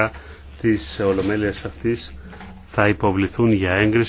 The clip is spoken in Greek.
τις της ολομέλειας αυτής θα υποβληθούν για έγκριση